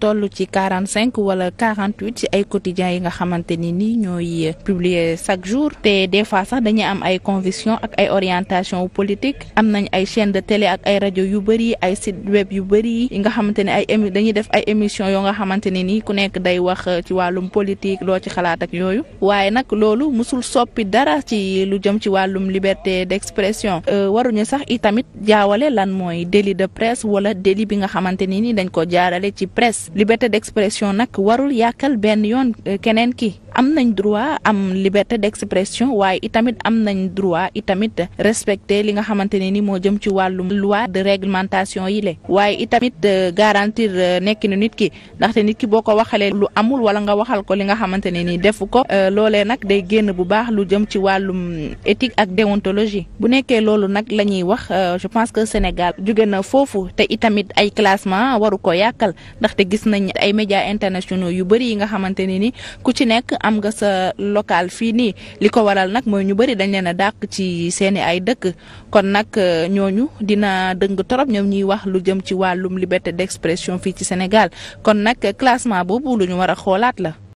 toll ci quarante cinq wala quarante huit ci ay quotidiens yi nga xamante ni nii ñooy euh, publier chaque jour te des fois sax dañuy am ay conviction ak ay orientation politique am nañ ay chaîne de télé ak ay rajo yu bëri ay site web yu bëri yi nga xamante ne ay émi dañuy def ay émission yoo nga xamante ne nii ku nekk day wax euh, ci wàllum politique loo ci xalaat ak yooyu waaye nag loolu mosul soppi dara ci lu jëm ci wàllum liberté d'expression euh, waruñu sax itamit jaawale lan mooy délit de presse wala délit bi nga xamante ni liberté d'expression nag warul yàkkal benn yoon eh, keneen ki am nañ droit am liberté d'expression waaye itamit am nañ droit itamit respecter li nga xamante ne ni moo jëm ci wàllum loi de réglementation yi le waaye itamit euh, garantir euh, nekkinu nit ki ndaxte nit ki boo ko waxalee lu amul wala nga waxal ko li nga xamante ne ni defu ko euh, loolee nag day génn bu baax lu jëm ci wàllum éthique ak déontologie bu nekkee loolu nag la ñuy wax je pense que Sénégal jóge na foofu te itamit ay classement waru ko yàkkal ndaxte gis nañ ay médias internationaux yu bëri yi nga xamante ne ni ku ci nekk am nga sa local fii nii li ko waral nag mooy ñu bëri dañ leen a dàq ci seeni ay dëkk kon nag euh, ñooñu dina dëng torop ñoom ñuy wax lu jëm ci wàllum liberté d'expression fii ci Sénégal kon nag classement boobu lu ñu war a xoolaat la.